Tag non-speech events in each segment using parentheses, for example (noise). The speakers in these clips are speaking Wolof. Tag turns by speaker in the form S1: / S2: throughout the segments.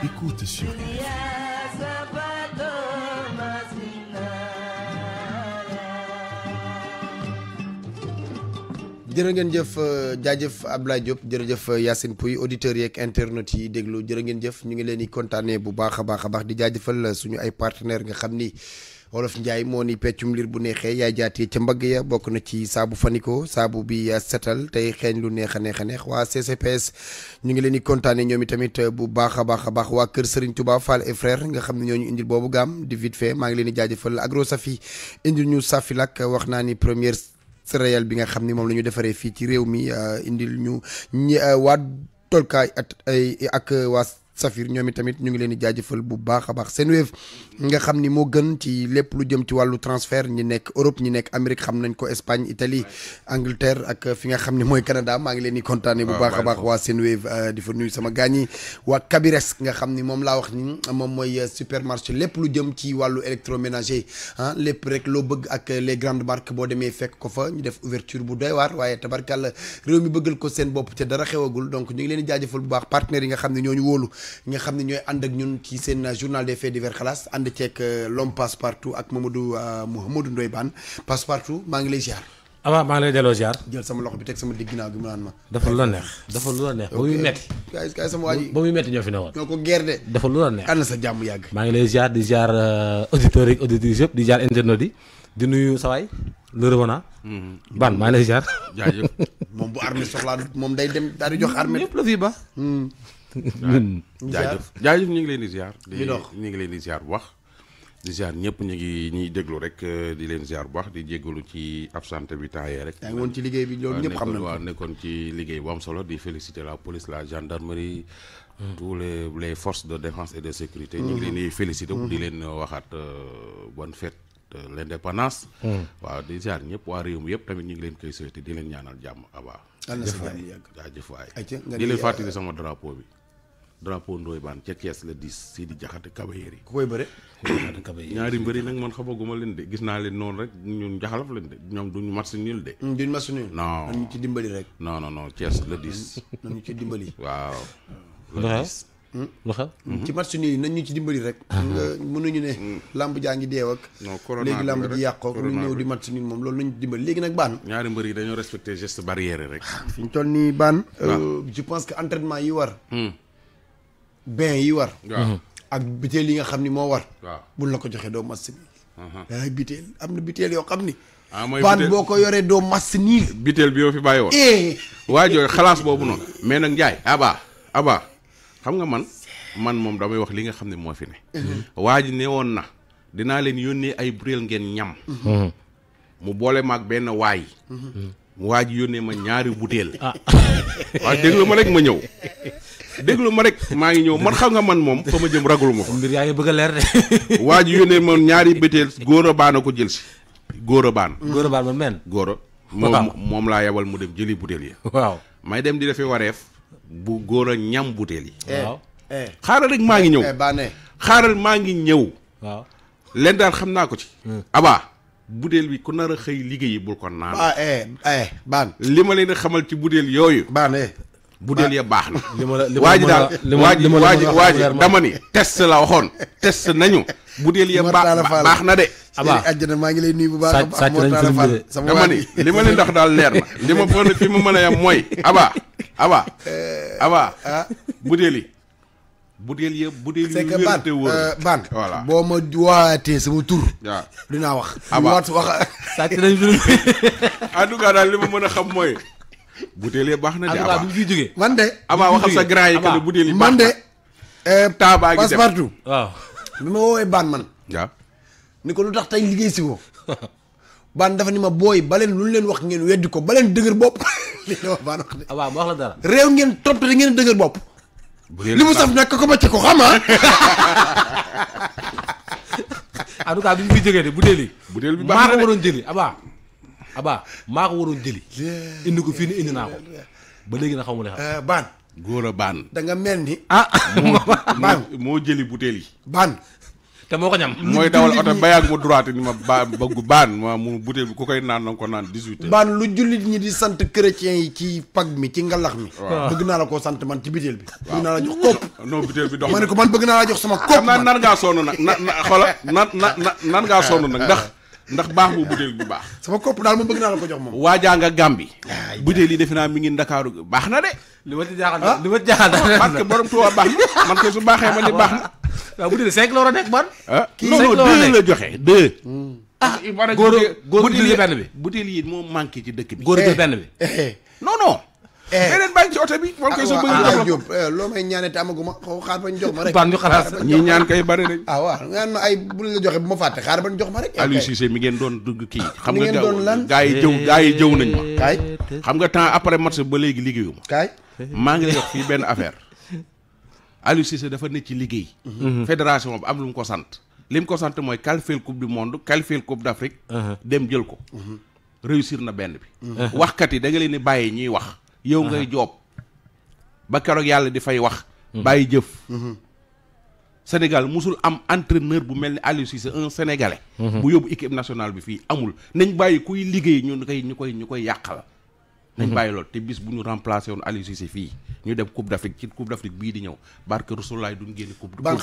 S1: écoute sur jërë ngeen jëf jaajëf Abdoulaye Diop jërëjëf Yacine Pouy auditeur yeeg internet yi déglu jërë ngeen jëf ñu ngi leen di kontaanee bu baax a baax a baax di jaajëfal suñu ay partenaire nga xam ni. wolof Njaay moo ni peccum liir bu neexee yaay jaatee ca mbagg ya bokk na ci saabu fanikoo saabu bi setal tey xeeñ lu neex a neex a neex waa CCPS ñu ngi leen di kontaane ñoom i tamit bu baax a baax a baax waa kër Serigne Touba Fall et frère nga xam ne ñu indil boobu gaam di vite fait maa ngi leen di jaajëfal agro safi indil ñu safi lak wax naa ni première céréale bi nga xam ni moom la ñu defaree fii ci réew mi euh, indil ñu euh, waa tolkaay at ak waa Safir ñoomi tamit ñu ngi leen di jaajëfal bu baax a baax nga xam ni moo gën ci lépp lu jëm ci wàllu transfert ñi nekk Europe ñi nekk Amérique xam nañ ko Espagne Italie Angleterre ak fi nga xam ne mooy Canada maa ngi leen di kontaane bu ah, baax a baax waa euh, di fa nuyu sama gaañ wa waa Kabires nga xam ni moom laa wax ni moom mooy euh, supermarché lépp lu jëm ci wàllu électroménager ah lépp rek loo bëgg ak les grandes marques boo demee fekk ko fa ñu def ouverture bu doy waar waaye tabarkàlla réew mi bëggal ko seen bopp te dara xewagul donc ñu ngi leen di jaajëfal bu baax partenaires yi nga xam ñoo ñu wóolu ñi xamni ñoy and ak ñun ci sen journal des faits divers and ci ak l'homme passe partout ak Mamadou euh, Mouhamadou ndoy ban passe partout ngi lay ziar. ama ma ngi lay delo ziar. jël sama loxo bi tek sama digg ginnaaw gi mu ma. dafa lu la neex dafa lu la neex bu muy metti. kaay kaay sama waji bu muy metti ñofi fi newoon. ñoo de. dafa lu
S2: la neex ànd sa jamm yag ma ngi lay ziar di ziar euh, auditeur ak auditrices yëpp di ziar internet di di nuyu sawaay le revenant. Mm-hmm. ban ma lay ziar. jaajeuf
S1: (laughs) mom bu armée soxla mom day dem daal jox armée. ñëpp la fi ba. Mm. ñun jaajëf jaajëf ñu ngi leen
S2: di ziar. di dox ñu ngi leen di ziar bu baax. di ziar ñëpp ñu ngi ñuy déglu rek euh, di leen ziar baax di jégalu ci absente bi temps yee rek. yaa
S1: ngi ci liggéey bi euh, ñëpp xam nañu waaw
S2: nekkoon ci liggéey bu am solo di féliciter la police la gendarmerie. Hmm. tous les les forces de défense et de sécurité. ñu ngi hmm. leen di féliciter di hmm. leen waxaat euh, bonne fête. l'indépendance waa di ziar ñëpp waa réew mi yëpp tamit ñu ngi leen koy souhaité di leen ñaanal jàmm abaa jaajëf waay di leen fàttali sama drapeau bi drapeau Ndoye Bane ca Thiès la diis Sidi Diakhaté Kabayeri. ku koy bëre. ñaari mbëri nag man xamaguma leen de gis naa leen noonu rek ñun jaxalaf leen de ñoom ñu match nul de. Mm, duñu match nul. non nañu ci dimbali rek. non non non
S1: Thiès la diis. nañu ci dimbali. waaw.
S3: la diis. Mm. Mm-hmm. ci
S1: match nii nañ ñu ci dimbali rek. Ah. mënuñu ne. Mm. lamb jaa ngi deew ak. léegi lamb ji yàqoo lu ñëw di match nii moom loolu lañu dimbali léegi nag baan.
S2: ñaari mbër yi dañoo respecté geste barrière rek. Ah,
S1: fi ñu toll nii baan. Ah. Euh, je pense que entraînement yi war. bain yi war. Mhm. ak biteel yi nga xam ni moo war. waaw buñ la ko joxee doo mas si niil. Mhm. ay biteel am na biteel yoo xam ni. ah mooy biteel boo ko yoree doo mas niil. biteel bi yoo fi bàyyi woon. Eh. waa
S2: xalaas boobu noonu. mais nag Ndiaye. abaa abaa xam nga man man moom damay wax li nga xam ne moo fi ne. Mhm. waa ji ne woon na dinaa leen yónnee ay butéel ngeen ñam. mu boole maag benn waay. mu yónnee ma ñaari butéel. ah (laughs) waa dégg nga ma rek ma ñëw. (laughs) déglu ma rek maa ngi ñëw man xam nga man moom fa ma jëm raglu ma fa. mbir yaa ngi bëgg a leer de. (laughs) waa ji yónnee man ñaari bétéel góor a baan ko jël si. góor a baan. Mm. góor a moom moom laa yebal mu dem jëli butéel yi. waaw may dem di defee wareef. bu góor ñam butéel yi. Eh, waaw eh. xaaral rek maa ngi ñëw. Eh, xaaral maa ngi ñëw. waaw leen daal xam naa ko ci. Mm. abaa butéel bi ku nar a xëy liggéeyi bul ko naan. Ah, li ma leen xamal ci butéel yooyu. baan bu deel ya baax na. (laughs) li ma li waa ji daal waa ji waa ji dama ni test la waxoon test nañu.
S1: bu deel ya baax baax na de. abaa àjjana maa ngi lay nuyu bu baax a baax moo tax la li ma leen dox daal leer na li ma fën fi mu mën a yem mooy abaa
S2: abaa euh, abaa ah. yëpp bu deel yu wér
S1: euh, boo ma waatee sama tur. waaw dinaa wax. abaa wax wax.
S2: sàcc nañ en daal li ma mën a xam mooy. butéelee baax na de. abaa ñu fi jógee man de. abaa waxal sa grand yi que ne butéel de.
S1: Euh, taabaa ngi dem bi ma woowee baan man. waaw ni ko lu tax tey liggéey si woo. baan dafa ni ma booy ba leen lu leen wax ngeen weddi ko baleen dëgër bopp (laughs) li nga wax baan ngeen trop te ngeen dëgër bopp. li mu saf nag ko ma ci ko xam a (laughs) en tout cas bi ñu fi jógee de butéel yi. butéel bi baax na de maa ko
S2: waroon jëli aba mako ko waroon indi ko fini ni indi nako ba legi na xamul eh, Ban. baan góor Ban.
S1: da nga melni ah (laughs)
S2: ban mo jeli butéel yi
S1: baan te moko ñam (laughs) moy dawal auto ba
S2: mu droit ni ma ba bëgg ban mo mu butéel bi ku koy nan nang ko 18 ban
S1: lu jullit ñi di sant chrétien yi ci pag mi ci ngalax mi bëgg na la ko sante man ci butéel bi bëgg na la jox kop (laughs) no
S2: butéel bi dox ma ko man bëgg na
S1: la jox sama kop naan naan ngaa sonn nag na nan nan ngaa ndax ndax baax
S2: bu butéel bu baax. sama kopp daal moom bëgg naa la ko jox moom. waajaa nga Gàmbi. butéel yi defe naa mi ngi Ndakaaru baax na de. li ma ci jaaxal ah. li ma ci jaaxal daal. parce que borom Tuuba baax na man ko su baaxee ma ni ah, baax na. waaw butéel cinq la war a nekk bon. Ah. a nekk non non deux la joxe deux. ah góor góor butéel benn bi butéel yi moo manqué ci dëkk bi. góor jël eh, benn bi eh, eh.
S1: non Eh. beneen baa ngi ci bi moom koy soo bëgg ah, Diop eh, loo may ñaanee te amaguma xaar bañ jox ma rek ban ñu ñaan kay bari rek ah waaw joxe bu ma fàtte xaar jox ma rek Aliou
S2: mi ngeen doon dugg kii xam nga doon lan gaa yi jëw gaa yi nañ ma xam nga temps après match ba léegi liggéeyu ma maa ngi lay wax benn affaire Aliou dafa nekk ci liggéey mhm. fédération bi am lu mu ko sant li ko sant mooy qualifier coupe du monde qualifier coupe d'Afrique mhm. dem jël ko mhm. réussir na benn bi waxkat yi da nga leen bàyyi ñuy wax yow ngay joob ba keroog yàlla di wax mhm. bàyyi jëf mhm. Sénégal musul am entraîneur bu mel ni Aliou Cissé un sénégalais mhm. bu yóbbu équipe nationale bi fii amul nañ bàyyi kuy liggéey ñu koy ñu koy ñu koy yàqal nañ bàyyi lool te bis bu ñu remplacé woon Aliou Cissé fii ñu dem Coupe d'Afrique ci Coupe d'Afrique bii di ñëw barke Rasulaay duñ génn coupe baan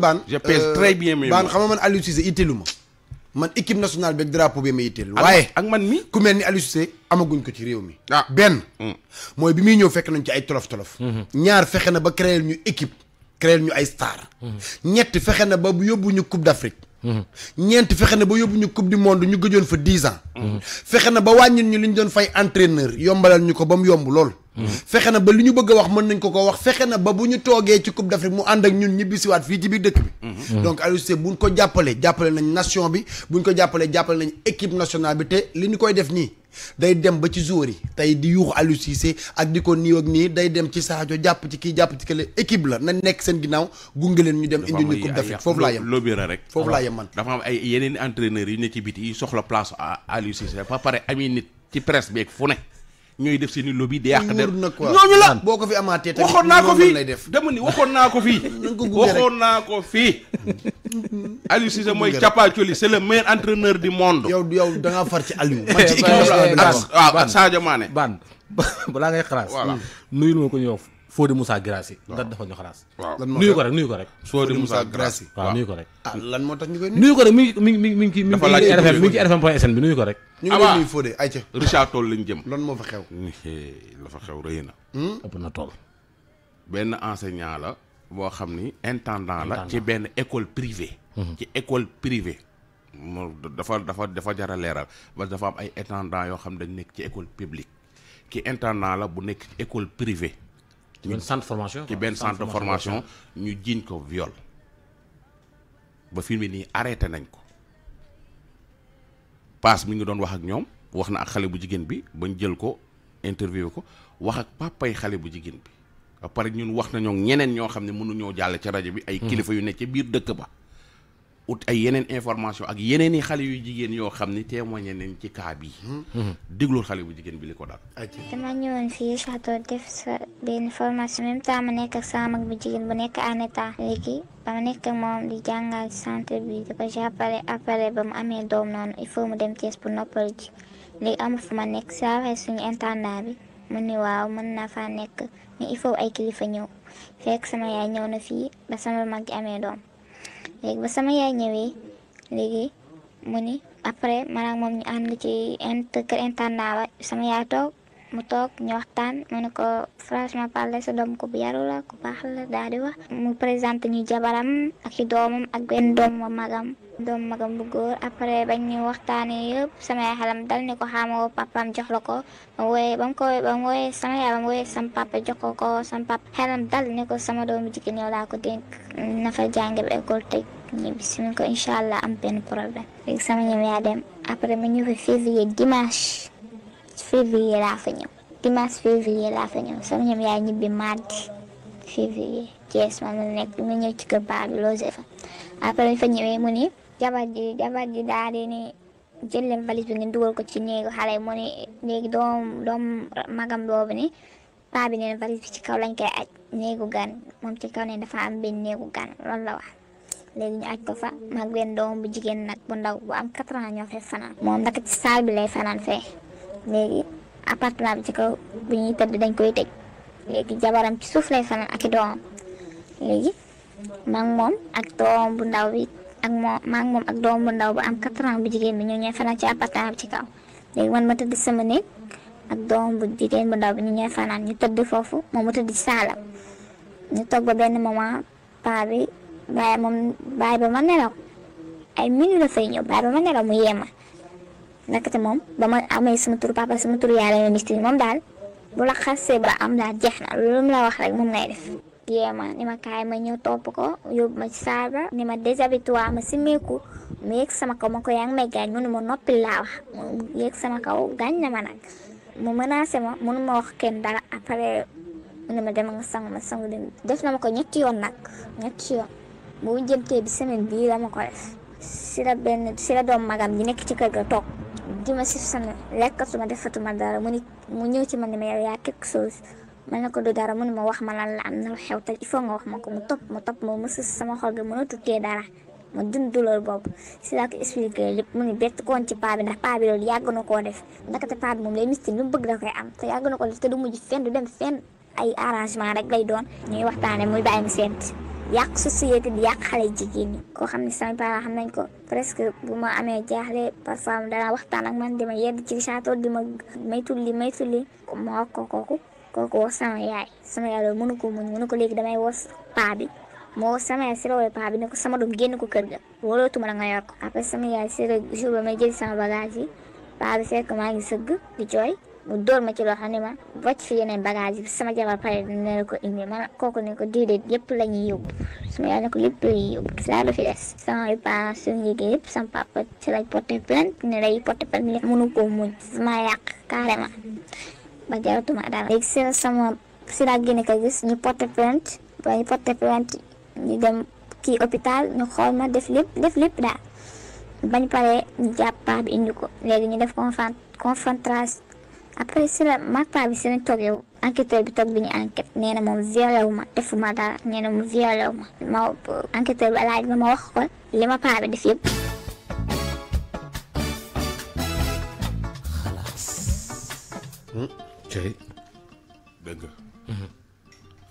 S2: baan je pèse euh, très bien ma
S1: man équipe nationale beeg drapeau bi ma yitteel. waaye ak man mi ku mel ni Aliou Cissé amaguñ ko ci réew mi. ah benn. Hmm. mooy bi muy ñëw fekk nañ ci ay tolof tolof. Hmm. ñaar fexe na ba créer ñu équipe. créel ñu ay star hmm. ñett fexe na ba bu yóbbu ñu Coupe d'Afrique. ñeent fexe na ba yóbbu ñu coupe du monde ñu gëjoon fa dix ans. fexe na ba wàññil ñu li ñu doon fay entraîneur yombalal ñu ko ba mu yomb lool. fexe na ba li ñu bëgg a wax mën nañ ko ko wax fexe na ba bu ñu toogee ci coupe d'Afrique mu ànd ak ñun ñibbisiwaat fii ci biir dëkk bi. donc Aliou Cissé buñ ko jàppale jàppale nañ nation bi buñ ko jàppale jàppale nañ équipe nationale bi te li ñu koy def nii. day dem ba ci joueur yi tey di yuux Aliou ak di ko nii ak nii day dem ci Sadio jàpp ci kii jàpp ci kële équipe la na nekk seen ginnaaw gunge leen ñu dem indi ñu coupe d'Afrique foofu laa yem
S2: lobira rek foofu laa yem man dafa am ay yeneen entraîneurs yu ne ci biti yi soxla place Aliou Cissé ba pare ami nit ci presse bi ak fu ne ñooy def seen i lobby di yàq der ñooñu la
S1: boo ko fi amaatee tamit naa ko fi
S2: dama ni waxoon naa ko fii (laughs) waxoon naa ko fii Aliou Cissé mooy capaacoli c'est le meilleur entraîneur du monde yow yow da ngaa far ci Aliou (laughs) man ci équipe waaw ak Sadio Mané ban (laughs) balaa ngay xalaas nuyul ma ko ñëw Fodé Moussa Guirassy. waaw dafa ñu xalaas. waaw lan nuyu ko rek nuyu ko rek. Fodé Moussa Guirassy waaw nuyu ko rek. ah lan moo tax ñu koy nuyu ko rek mi ngi mi ngi mi ngi mi ngi RFM mi ngi ci RFM point sn bi nuyu ko rek. ñu ngi nuyu Fodé ayca. Richard Toll lañ jëm. lan moo fa xew. la fa xew rëy na. Hmm? ëpp na tool. benn enseignant la boo xam ni intendant la ci benn école privée. Hmm. ci école privée. dafa dafa dafa jar a leeral parce que dafa am ay intendant yoo xam dañ nekk ci école publique ki intendant la bu nekk ci école privée ci centre formation ci benn centre formation ñu jiiñ ko viol ba fi ni arrêté nañ ko paas mi ngi doon wax ak ñom wax na ak xalé bu jigéen bi bañ jël ko interview ko wax ak papay xalé bu jigéen bi après ñun wax nañoo ñeneen ño xam mënu ñoo jall ci rajo bi ay mm-hmm. kilifa yu necc ca biir dëkk ba ut ay yeneen information ak yeneeni xale yu jigéen yoo xam ni témoigné nañ ci cas bi hmm. déglul bu jigéen bi li ko daal
S4: dama ñëwoon fii sa benn formation même temps ma nekk ak sama mag bu jigéen bu nekk en état ma nekk mu dem Thiès pour noppal ji léegi amu fu ma nekk saa waxee suñu intendant bi mu ni waaw mën naa faa nekk mais il faut ay kilifa ñëw fekk sama yaay ñëw na fii ba sama mag ji amee doom lagi ba sama yaay ñëwee léegi mu ni après maanaam moom ñu anu ànd ci int kër intendant sama ya to mu toog ñu waxtaan fras ma ko franchement parler sa ko bu yaru la ko baax la daal mu ñu jabaram ak ci doomam ak dom doom magam dom magam bu góor après bañ ñu waxtane yëpp sama yaay xelam dal ni ko xamoo papam jox lako ko bam ko ba bam wooyee sama ya bam mu sam sama ya, papa e jox ko ko sama papa xelam dal ni ko sama dom bu jigéen yow laa ko denk na fa jànge école ñibbi si ñu ko allah am benn problème sama ñoom yaa dem après ma ñëw fi février dimanche février laa fa ñëw dimanche février laa fa ñëw sama ñoom yaa ñibbi mardi février Thiès man la nekk ma ñëw ci kër Ba bi loo fa après fa dugal ko ci néegu xale yi mu ni léegi doom doom magam boobu ni paa neen valise bi ci kaw lañ koy aj néegu gan moom ci kaw ne dafa am benn néegu gan loolu la wax léegi ñu aj ko fa mag benn doom bu jigéen nag bu ndaw bu am quatre ans ñoo fay fanaan moom nag ci saal bi lay fanaan fee léegi appartement bi ci kaw bu ñuy tëdd dañ koy tëj léegi jabaram ci suuf lay fanaan ak i doomam léegi mag moom ak doom bu ndaw bi ak moom mag moom ak doom bu ndaw bu am quatre ans bu jigéen bi ñoo ñooy fanaan ci appartement bi ci kaw léegi man ma tëdd sama néeg ak doom bu jigéen bu ndaw bi ñu ñooy fanaan ñu tëdd foofu moom ma tëdd ci saalam ñu toog ba benn moment paa bi bàyyi moom bàyyi ba ma nelaw ay minutes la ñëw bàyyi ba ma nelaw mu yema nakate moom ba ma amee sama tur papa sama tur yaay la ñu moom daal bu la xasee ba am daal jeex na loolu mu la wax rek moom ma kaay ñëw topp ko yóbbu ma ci saal ba ni ma déshabitué ma simmeeku sama kaw ma ko yaa ngi ma noppi laa wax mu yegg sama kaw gaañ na ma nag mu menacé ma mënu ma wax kenn dara après ni ma dem nga sangu ma sangu dem def na ma ko ñetti yoon nag ñetti yoon. bu jëntee bi semaine bii la ma ko def si la benn si la doom magam ji nekk ci kër ga toog di ma sif sama lekkatuma defatuma dara mu ni mu ñëw ci man ne ma yow yaa quelque chose man ko du dara mu ne ma wax ma lan la am na xew te il faut nga wax ma ko mu topp mu topp ma mu sama xol gi mënatu tee dara ma dund loolu boobu si laa ko expliqué lépp mu ni bett koon ci paa bi ndax paa bi loolu yàgg na koo def ndaxte paa bi moom lay mistin lu bëgg da koy am te yàgg na koo def te du mujj fenn du dem fenn ay arrangement rek lay doon ñuy waxtaane muy bàyyim sent. Yak société bi yàq xale jigéen ñi ni xam ne samay parents xam nañ ko presque bu ma amee jaaxle parfois dana waxtaan ak man dima yedd ci di ma may li may li ma wax ko kooku kooku wax sama yaay sama yaay loolu mënu ko muñ mënu ko léegi damay wos paa bi sama yaay si rawee paa bi ne ko sama doom génn ko kër ga wóolootuma la nga Apa après sama yaay si jour ba may jël sama bagage yi paa bi fekk maa ngi sëgg di mu door ma ci loxo ni ma wàcc fi yeneen bagage bi sama jabar pare dina la ko indi man kooku ne ko déedéet yëpp la ñuy yóbbu sama yaay suñu liggéey yëpp sama papa ci lañ porté plainte ne lay porté plainte mënu ko muñ sama yàq carrément ba jaratuma dara léegi si sama si laa génne ko gis ñu porté plainte ba ñu porté plainte ñu dem kii hôpital ñu xool ma def lépp def lépp daal bañ paree ñu jàpp paa bi indi ko léegi ñu def confrontation après si la mag paa bi si lañ toog yow bi toog bi ñu enquête nee moom violé ma defuma dara nee na mu ma ma enquêteur bi laaj ma ma wax ko li ma paa bi def yëpp.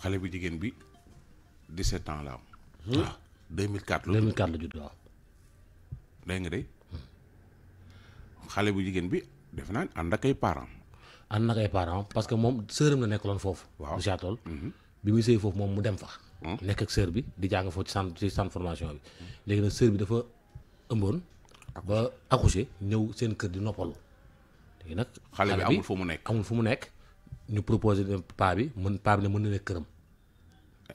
S2: xale bu jigéen bi 17 ans la am. waaw mm-hmm. ah, 2004 la 2004 la judd waaw. dégg nga de mm. xale bu jigéen bi def naan ànd ak ay parents. ànd nag ay parents parce que moom sëram nekk nekkaloon foofu. waaw Jatol. Mhm. bi muy sëy foofu moom mu dem fa. Mhm. nekk ak sër bi di jàng foofu ci centre ci centre formation bi. Mhm. léegi nag sër bi dafa ëmboon. ba accouché ñëw seen kër di noppalu. léegi nag xale bi amul fu mu nekk amul fu mu nekk. ñu proposé ne paa bi mën paa bi ne mën na nekk këram.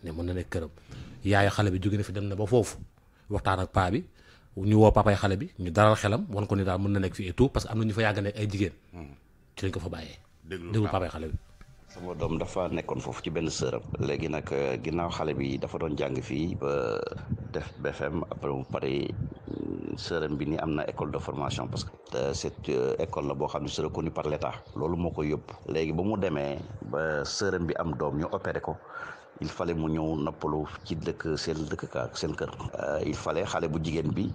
S2: ne mun na nekk këram. yaayu xale bi jóge na fi dem na ba foofu waxtaan ak paa bi. ñu woo papay xale bi ñu daral xelam
S3: wan ko ni daal mën na nekk fi et parce ay jigéen ci lañ ko fa bàyyee. déglu papa xale bi. sama doom dafa nekkoon foofu ci benn sëram léegi nag euh, ginnaaw xale bi dafa doon jàng fii ba def BFM après mu pare euh, sëram bi ni am na école de formation parce que cette euh, école la boo xam ne c'est reconnu par l'état loolu moo koy yóbbu léegi ba mu demee ba sëram bi am doom ñu opéré ko il fallait mu ñëw noppalu ci dëkk seen dëkk kaa seen kër il fale xale bu jigéen bi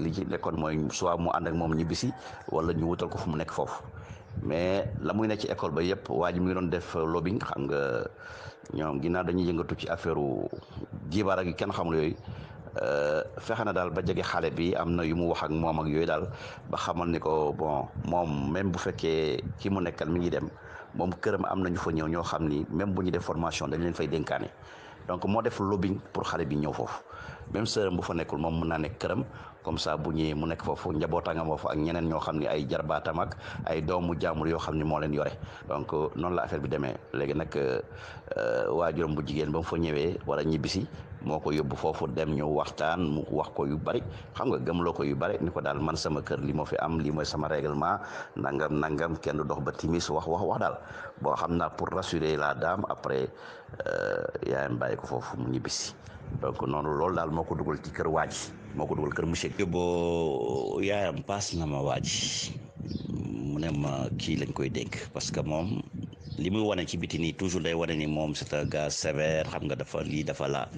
S3: li ci nekkoon mooy soit mu ànd ak moom ñibbisi wala ñu wutal ko fu mu nekk foofu mais la muy ne ci école ba yëpp waa ji mu ngi doon def euh, lobbying xam nga ñoom ginnaaw dañuy yëngatu ci affaire u jibaar ak kenn xamul yooyu euh, fexe na daal ba jege xale bi am na yu mu wax ak moom ak yooyu daal ba xamal ni ko bon moom même bu fekkee ki mu nekkal mi ngi dem moom këram am na ñu fa ñëw ñoo xam ni même bu ñu def formation dañ leen fay dénkaane. donc moo def lobbying pour xale bi ñëw foofu même sëram bu fa nekkul moom mun naa nekk këram comme ça bu ñëwee mu nekk foofu njabootaangam fo ak ñeneen ñoo xam ne ay jarbaatam ak ay doomu jaamur yoo xam ne moo leen yore donc euh, noonu la affaire bi demee léegi nag euh, euh, waajuram bu jigéen ba mu fa ñëwee wala ñibbisi moo ko yóbbu foofu dem ñu waxtaan mu wax ko yu bari xam nga gëmloo ko yu bari ni ko daal man sama kër li moo fi am lii mooy sama réglement nangam nangam kenn dox ba timis wax wax wax daal boo xam naa pour rassurer la daam après euh, yaayam bàyyi ko foofu mu ñibbisi donc noonu loolu daal moo ko dugal ci kër waa moo ko dugal kër monsieur yóbboo yaayam paas na ma waa ji mu ne ma kii lañ koy dénk parce que moom li muy wane ci biti nii toujours day wane nii moom c'est un gars xam nga dafa lii dafa laa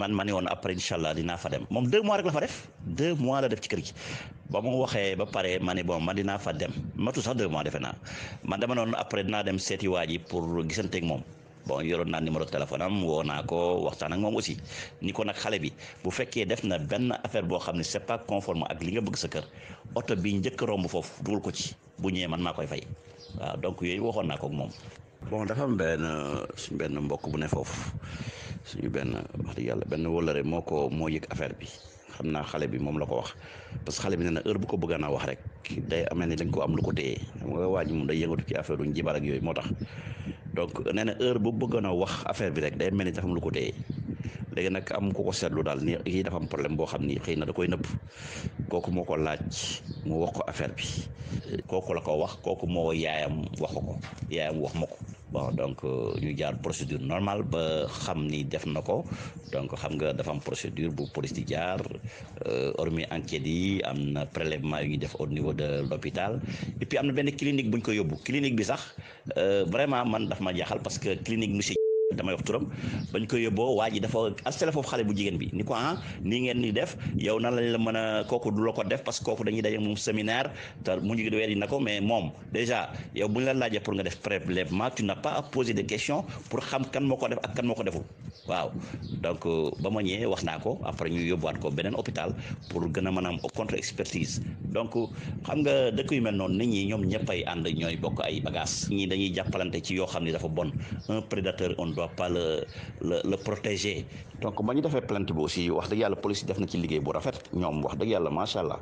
S3: man ma ne woon après incha allah dinaa fa dem moom deux mois rek la fa def deux mois la def ci kër gi ba mu waxee ba pare ma ne bon man dinaa fa dem matu sax deux mois defe naa man dama noonu après dinaa dem seeti waa ji pour gisanteeg moom. bon yoroon naa numéro téléphone am woo naa ko waxtaan ak moom aussi ni kon nag xale bi bu fekkee def na benn affaire boo xam ne c'est pas conforme ak li nga bëgg sa kër oto bi njëkk romb foofu dugal ko ci bu ñëwee man maa koy fay. waaw donc yooyu waxoon na ko moom. bon dafa am benn suñ benn mbokk bu ne foofu suñu benn wax dëgg yàlla benn rek moo ko moo yëg affaire bi xam naa xale bi moom la ko wax parce que xale bi nee na heure bu ko bëggaan a wax rek day amee ni dañ ko am lu ko téye xam nga waa ji moom day yëngatu ci affaire duñ jibar ak yooyu moo tax donc nee na heure bu bëggoon a wax affaire bi rek day mel ni dafam am lu ko téye léegi nag am ku ko seetlu daal ni kii dafa am problème boo xam ni xëy na da koy nëbb kooku moo ko laaj mu wax ko affaire bi kooku la ko wax kooku moo yaayam wax ko yaayam wax ma ko bon donc euh, ñu jaar procédure normal ba xam ni def na ko donc xam nga dafa am procédure bu police di jaar euh, hormis enquête yi am na prélèvement yu ñuy def au niveau de l'hôpital et puis am na benn clinique bu ñu ko yóbbu clinique bi sax euh, vraiment man daf ma jaaxal parce que clinique monsieur damay wax turam bañ ko yóbboo waa ji dafa astele foofu xale bu jigéen bi ni ko ah nii ngeen di def yow nan lañ la mën a kooku du la ko def parce que kooku dañuy daje moom séminaire te mu ngi weer yi na la laajee pour nga def prélèvement tu n'as pas à poser moo ko def moo ko deful waaw euh, wax naa ko après ñu yóbbuwaat ko beneen hôpital pour gën a mën a am contre expertise donc xam nga dëkk yu mel noonu nit ñi ñoom ñëppay ànd ñooy bokk ay bagages ñii dañuy jàppalante ci yoo xam ne dafa bon un prédateur on doit pas le donc ba ñu defee plainte bi aussi wax dëgg yàlla police def na ci liggéey bu rafet ñoom wax dëgg yàlla macha allah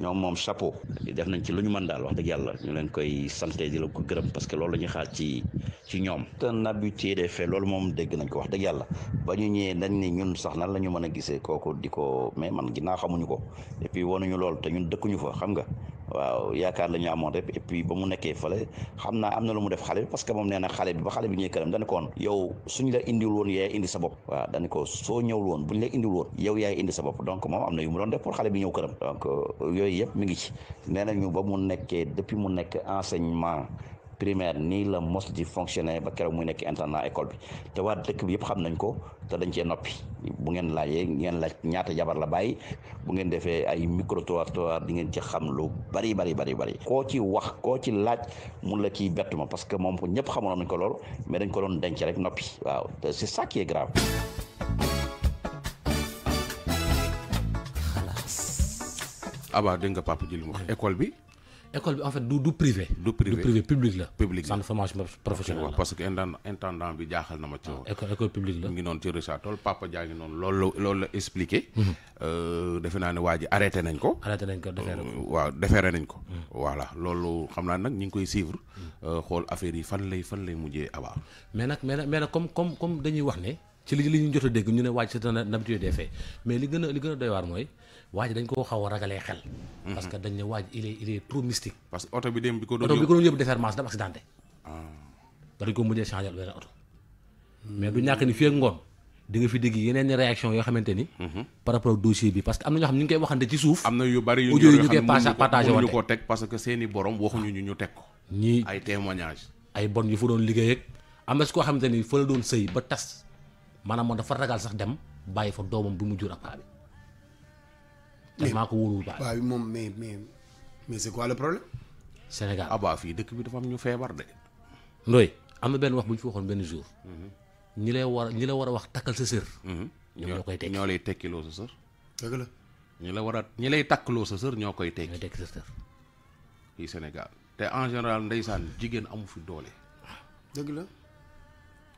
S3: ñoom moom chapeau. def nañ ci lu ñu mën daal wax dëgg yàlla ñu leen koy santé di la ko gërëm parce que loolu la ñuy xaar ci ci ñoom. un habitué des faits loolu moom dégg nañ ko wax dëgg yàlla ba ñu ñëwee dañ ni ñun sax nan la ñu mën a gisee kooku di ko mais man naa xamuñu ko et puis wonuñu loolu te ñun dëkkuñu fa xam nga. waaw yaakaar la ñu amoon rek et puis ba mu nekkee fële xam naa am na lu mu def xale bi parce que moom nee na xale bi ba xale bi ñëw këram dañu ko woon yow bopp waaw dañu ko soo ñëwul woon buñu la indiwul woon yow yaay indi sa bopp donc moom am na yu mu doon def pour xale bi ñëw këram donc euh, yooyu yëpp mi ngi ci nee nañu ba mu nekkee depuis mu nekk enseignement primaire nii la mos di fonctionner ba keroog muy nekk internat école bi te waa dëkk bi yëpp xam nañ ko te dañ cee noppi bu ngeen laajee ngeen laaj ñaata jabar la bàyyi bu ngeen defee ay micro trottoir di ngeen ci xam lu bari bari bari bari koo ci wax koo ci laaj mu la kii bett ma parce que moom ko ñëpp xamoon nañ ko lool mais dañ ko doon denc rek noppi waaw te c'est ça qui est grave. Aba dégg nga papa ji mu wax
S2: école bi en fait du du privé. du privé du privé public la. public centre de formation professionnelle la parce que intendant bi jaxal na ma ci. Ah, école école publique la. ngi non ci Richard Toll papa jangi non noonu loolu la loolu la expliqué. Mhm. Euh, defe naa ne waa ji arrêté nañ ko. arrêté nañ ko euh, defeere ko waaw defeere nañ ko. Mhm. voilà loolu xam naa nag ñu ngi koy suivre. Mhm. euh xol affaire yi fan lay fan lay mujjé aba mais nak mais nak mais nag comme comme comme dañuy wax né ci li li ñu jot dégg ñu né waa ci c'est un habitué des faits mais li gën li gën doy war moy waaj dañ koo xaw ragalee xel. Mhm. parce dañ ne waa il est il est trop mystique. parce oto bi dem bi ko doon yóbbu oto bi ko doon yóbbu défermence dafa accidenté. Ah. dañ ko mujjee changé beneen oto. Hmm. mais du ñàkk ni fii ak ngoon di nga fi dégg yeneen i réaction yoo xamante ni. Mhm. par rapport ak dossier bi parce que am na ñoo xam ne ñu ngi koy waxante ci suuf. am na yu bari yu ñu koy partagé ko teg parce que seeni ñu ñu teg ko. ay bon yu fa doon liggéey ak am na si koo xamante ni fa la doon sëy ba tas maanaam moom dafa ragal sax dem bàyyi fa doomam bi mu jur ak paa bi
S1: te maa ko wóorul baal. waaw moom mais mais
S2: mais c'est quoi le problème. Sénégal ah ba fii dëkk bi dafa am ñu feebar de. Ndoye am na benn wax bu ñu fi waxoon benn jour. ñi lay war ñi la war a wax takkal sa sër. Mhm. ñoom ñoo koy tekki ñoo lay tekkiloo sa sër. la ñi la war a ñi lay takkaloo sa sër ñoo koy tekki. ñoo tekki sa sër. fii Sénégal te en général ndeysaan jigéen amu fi doole. dëgg la.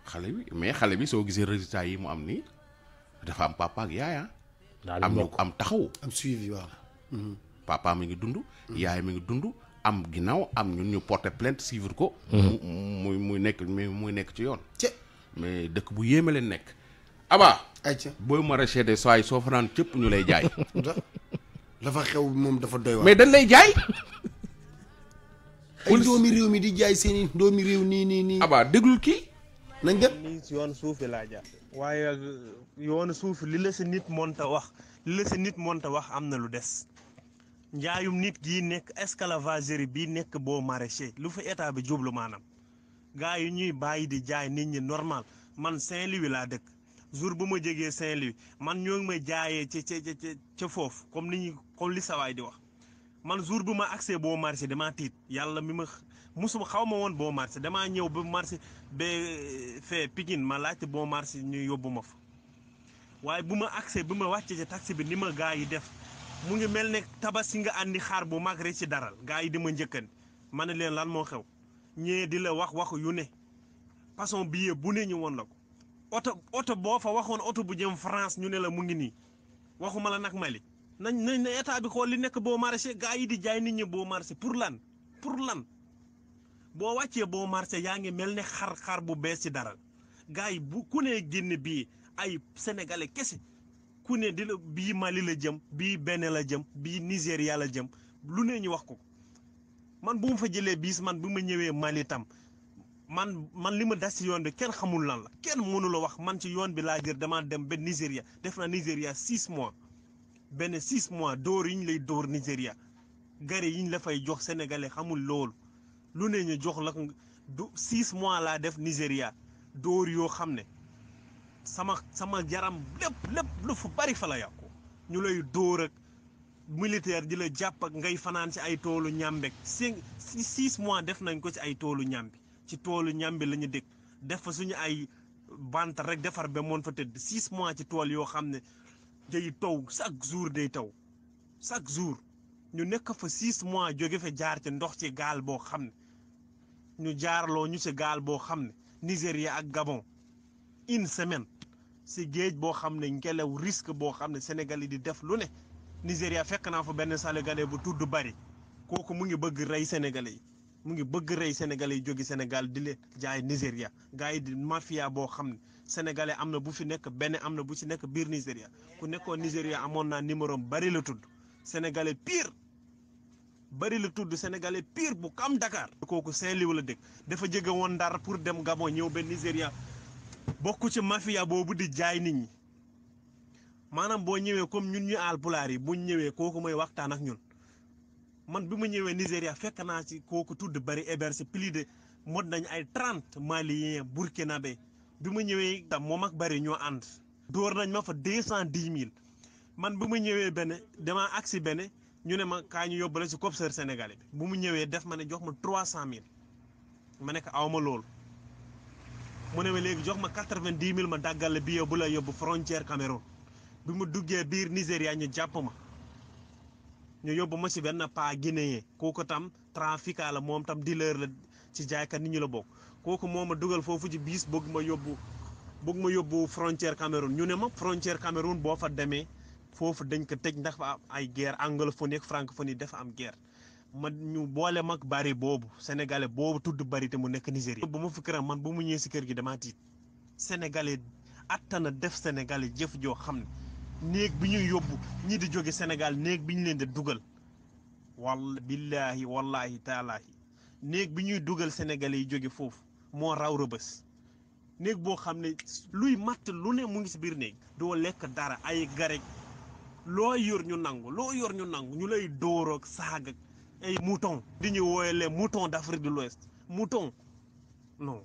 S2: xale bi mais xale bi soo gisee résultats yi mu am ni dafa am papa ak ah. am ñu am taxaw am suivi waaw hmm. Hmm. papa mi ngi dund hmm. yaay mi ngi dund am ginnaaw am ñun ñu porter plainte suivre ko muy muy nekk muy nekk ci yoon mais dëkk bu yéeme leen nekk aba booy maraîcher de soy soo fanaan cëpp ñu lay jaay
S1: (laughs) dafa xew moom dafa doy waar mais dañ lay jaay
S5: ay doomi réew mi
S1: di jaay seeni doomi réew nii nii nii aba
S5: déglu kii nañ jël nii yoon suuf laa jaar waaye uh, yoonu suuf li la si nit moonta wax li la si nit moonta wax am na lu des njaayum nit gii nekk yi bii nekk boo maraîcher lu fa état bi jublu maanaam gaa yi ñuy bàyyi di jaay nit ñi normal man saint wi laa dëkk jour bu ma jegee Saint-Louis man ñoo ngi may jaayee ci ca ca ca foofu comme ni ñu comme li sawaay di wax man jour bu ma accès boo marché damaa tiit yàlla mi ma musuma xaw ma woon boo marché damaa ñëw ba marché ba eh, fee Pikine ma laajte boo marché ñu yóbbu ma fa waaye bu ma accès bu ma wàccee ci taxi bi ni ma gaa yi def mu ngi mel ne tabaski nga àndi xaar bu magre rek ci daral gaa yi di ma njëkkandi ma ne leen lan moo xew ñee di la wax wax yu ne façon billet bu ne ñu woon la ko oto oto boo fa waxoon oto bu jëm France ñu ne la mu ngi nii waxuma la nag Mali nañ nañ na état bi xool li nekk boo marché gaa yi di jaay nit ñi boo marché pour lan pour lan boo wàccee boo marché yaa ngi mel ne xar xar bu bees ci dara gars yi bu ku ne génn bii ay sénégalais kese ku ne di la bii Mali la jëm bii benn la jëm bii Nigéria la jëm lu ne ñu wax ko man bu ma fa jëlee biis man bu ma ñëwee Mali tam man man li ma das ci yoon bi kenn xamul lan la kenn mënu wax man ci yoon bi laa jër damaa dem ba Nigéria def na Nigéria six mois benn six mois dóor yi ñu lay dóor Nigéria gare yi ñu la fay jox sénégalais xamul loolu. lu ne ñu jox la du six mois laa def Nigéria dóor yoo xam ne sama sama jaram lépp lépp lu fu bari fa la yàqu ñu lay dóor ak militaire di la jàpp ak ngay fanaan ci ay toolu ñàmbeeg cinq six mois def nañ ko ci ay toolu ñàmbi ci toolu ñàmbi la ñu dégg def fa suñu ay bant rek defar ba moon fa tëdd six mois ci tool yoo xam ne day taw chaque jour day taw chaque jour ñu nekk fa six mois jóge fa jaar ci ndox ci gaal boo xam ne ñu jaarloo ñu si gaal boo xam ne Nigéria ak Gabon une semaine ci géej boo xam ne ngelaw risque boo xam ne Sénégal yi di def lu ne Nigéria fekk naa fa benn sénégalais bu tudd bari kooku mu ngi bëgg rey sénégalais yi mu ngi bëgg rey sénégalais yi jóge Sénégal di leen jaay Nigéria gars yi di mafia boo xam ne sénégalais am na bu fi nekk benn am na bu si nekk biir Nigéria ku nekkoon Nigéria amoon naa numéro bari la tudd sénégalais pire. bari la tudd sénégalais pire bu kam Dakar. kooku Saint-Louis la dëkk dafa jege woon Ndar pour dem Gabon ñëw ba Nigéria bokk ci mafia boobu di jaay nit ñi maanaam boo ñëwee comme ñun ñu alpulaar yi buñ ñëwee kooku mooy waxtaan ak ñun man bi mu ñëwee Nigéria fekk naa ci kooku tudd bari héberge plus de mot nañ ay trente maliens burkinabé bi mu ñëwee tam moom ak bari ñoo ànd. door nañ ma fa deux cent dix mille man bi mu ñëwee benn dama agsi benn. ñu ne ma kaa ñu yóbbale si COPSER sénégalais bi bu mu ñëwee def ma ne jox ma trois cent mille ma nekk aw ma loolu mu ne ma léegi jox ma quatre vingt mille ma dàggal la billet bu la yóbbu frontière Cameroun bi mu duggee biir Nigéria ñu jàpp ma ñu yóbbu ma si benn paa guinéen kooku tam trafiquant la moom tam dealer la ci jaaykat nit ñu la bokk kooku moom ma dugal foofu ci biis bëgg ma yóbbu bëgg ma yóbbu frontière Cameroun ñu ne ma frontière Cameroun boo fa demee. foofu dañ ko tëj ndax fa am ay guerre anglophone ak francophonie dafa am guerre man ñu boole mag bari boobu sénégalais boobu tudd bari te mu nekk Nigéria. bu ma fi këram man bu mu ñëwee si kër gi damaa tiit sénégalais attana def sénégalais jëf joo xam ne néeg bi ñuy yóbbu ñii di jóge Sénégal néeg bi ñu leen di dugal wal billaahi wallaahi taalaahi néeg bi ñuy dugal sénégalais yi jóge foofu moo raw rëbës. néeg boo xam ne luy matt lu ne mu ngi si biir néeg doo lekk dara ay gareg loo yor ñu nangu loo yor ñu nangu ñu lay dóor ak saag ak ay mouton di ñu wooye mouton moutons d'Afrique du l'Ouest mouton non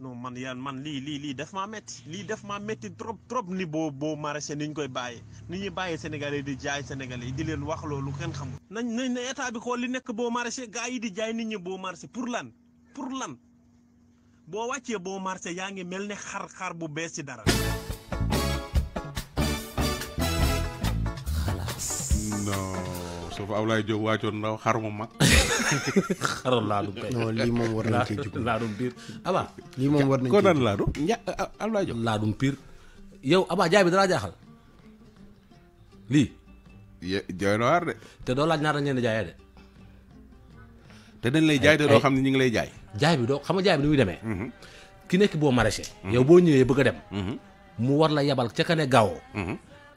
S5: non man yaan man lii lii lii daf maa metti lii daf maa metti trop trop ni boo boo maraîcher ni ñu koy bàyyee ni ñuy bàyyee Sénégalais di jaay Sénégalais yi di leen wax loolu kenn xamul. nañ nañ ne état bi xool li nekk boo maraîcher gars yi di jaay nit ñi boo maraîcher pour lan pour lan boo wàccee boo marché yaa ngi mel ne xar xar bu bees ci dara.
S2: non soo fa a Diop wàccoon ndaw xar mu mag. xaral laadum kay. non lii moom war nañ cee koo daan laadum. ña Ablaye Diop laadum piir yow Aba jaay bi dalaa jaaxal lii. ye jooy de. te doo laaj ñaata ñeen jaayee de. dañ lay jaay te doo eh, xam ne ñu ngi lay jaay. Eh, jaay bi doo xam nga jaay bi ni muy demee. Mm-hmm. ki nekk boo maraîcher. Mm-hmm. yow boo ñëwee bëgg a dem. Mm-hmm. mu war la yabal ca ka ne gaawoo.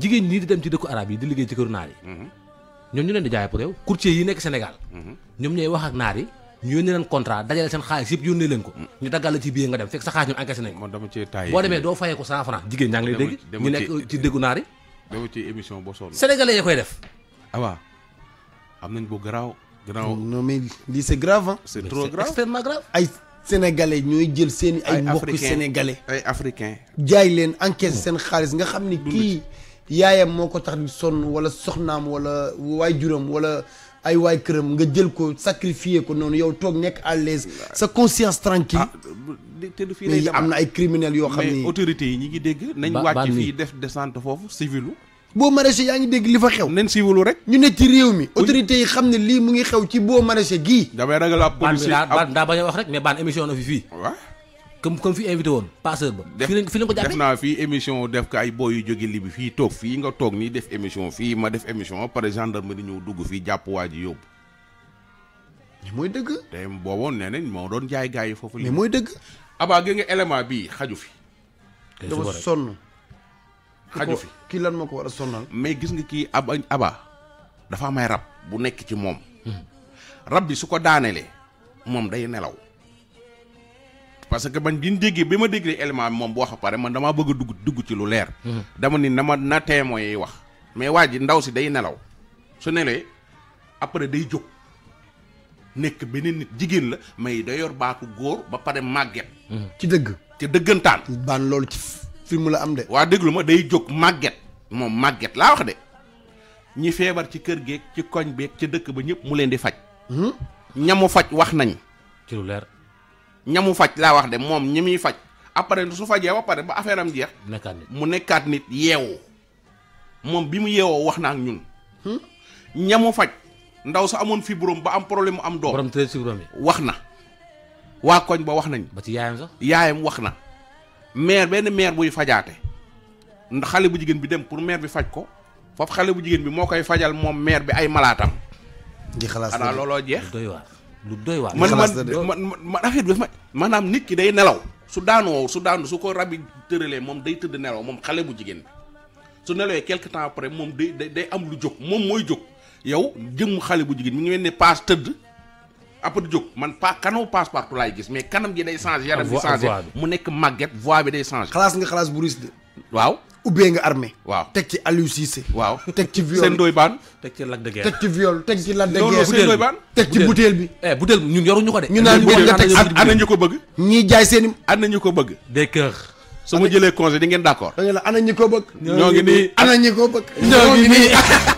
S2: jigéen ñi di dem ci dëkku arab yi di liggéey ci këru naar yi ñoom ñu leen di jaay pour courtier yi nekk Sénégal ñoom ñooy wax ak naar yi ñu yónnee leen contrat dajale seen xaalis yëpp yónnee leen ko ñu daggal la ci billet nga dem fekk sa xaalis ñoom encaissé nañ ko boo demee doo fayee ko cent franc jigéen ñaa ngi lay dégg ñu nekk ci dëkku naar yi dama ci koy def
S1: ah sénégalais nous jël seen sénégalais
S2: ay africain
S1: jaay leen encaisse mm. seen nga xamni ki yaayam moko tax di des wala soxnaam wala wala ay sacrifier ko yow à l'aise sa conscience tranquille ah, amna ay yi
S2: ñi ngi dégg nañ def
S1: boo maraîcher yaa ngi dégg li fa xew. nañ siiwalu rek. ñu ne ci réew mi autorité yi xam ne lii mu ngi xew ci boo maraîcher gii.
S2: damay ragal ab policier ban daa ba a wax rek mais ban émission na fi fii. waaw. comme comme invité woon passeur ba. ne fi lañ naa fii émission def ko ay booy yu jóge libi fii toog fii nga toog nii def émission fii ma def émission par gendarmerie ñëw dugg fii jàpp waa ji yóbbu. mais mooy dëgg. te booboon nee nañ moo doon jaay gars yi foofu. mais mooy dëgg. abaa gi nga bii xaju fi. dafa sonn. xaju fi. kii lan ma ko war a sonal. mais gis nga kii ab aba dafa am rab bu nekk ci moom. rab bi su ko daanelee moom day nelaw. parce que bañ bi ñu déggee bi ma déggee élément bi moom bu wax a pare man damaa bëgg dugg dugg ci lu leer. Hmm. dama ni na ma na témoin yi wax. mais waa ji ndaw si day nelaw su nelee après day jóg nekk beneen nit jigéen la may da yor baatu góor ba pare màgget.
S3: Hmm.
S1: ci
S2: dëgg. ci dëggantaan. baan loolu ci fi mu la am de wa deglu ma day jog màgget moom magget la wax de ñi febar ci kër geek ci koñ beek ci dëkk ba ñëpp mu leen di faj hmm? ñamu faj wax nañ ci lu leer ñamu faj la wax de moom ñi muy faj après su fajee ba paré ba affaire am jeex mu nekkat nit yeewu moom bi mu yeewoo wax na ak ñun hmm? ñamu faj ndaw sa amoon fibrome ba am problème am do borom tëj fibrome yi wax na wa koñ ba wax nañ ba ci yaayam sax yaayam wax na maire benn maire buy fajaate ndax xale bu jigéen bi dem pour maire bi faj ko foofu xale bu jigéen bi moo koy fajal moom maire bi ay malaatam.
S1: di xalaas looloo
S2: jeex. doy waar lu doy waar. man man man affaire bi maanaam nit ki day nelaw. su daanoo su daanu su ko rabi tëralee moom day tëdd nelaw moom xale bu jigéen bi su nelawee quelque temps après moom day day am lu jóg moom mooy jóg yow jëmm xale bu jigéen mi ngi mel ne paas tëdd. après jóg man pas kanoo passe-partout gis mais kanam gi day changé ah, yaram bi changé
S1: mu nekk màgget voix bi day changé xalaas nga xalaas bu risque waaw ubbee nga armée waaw teg ci Aliou Cissé waaw teg ci viol teg ci Lac de Guiers teg ci viol teg ci Lac de Guiers teg ci butéel bi eh butéel bi ko de ñu naan nga teg ana ñu ko bëgg ñii
S2: jaay seen i ana ñu ko bëgg des cœurs su ma jëlee congé di ngeen d'accord
S1: da ana ñu ko bëgg ñoo ngi nii
S4: ana ñu ko bëgg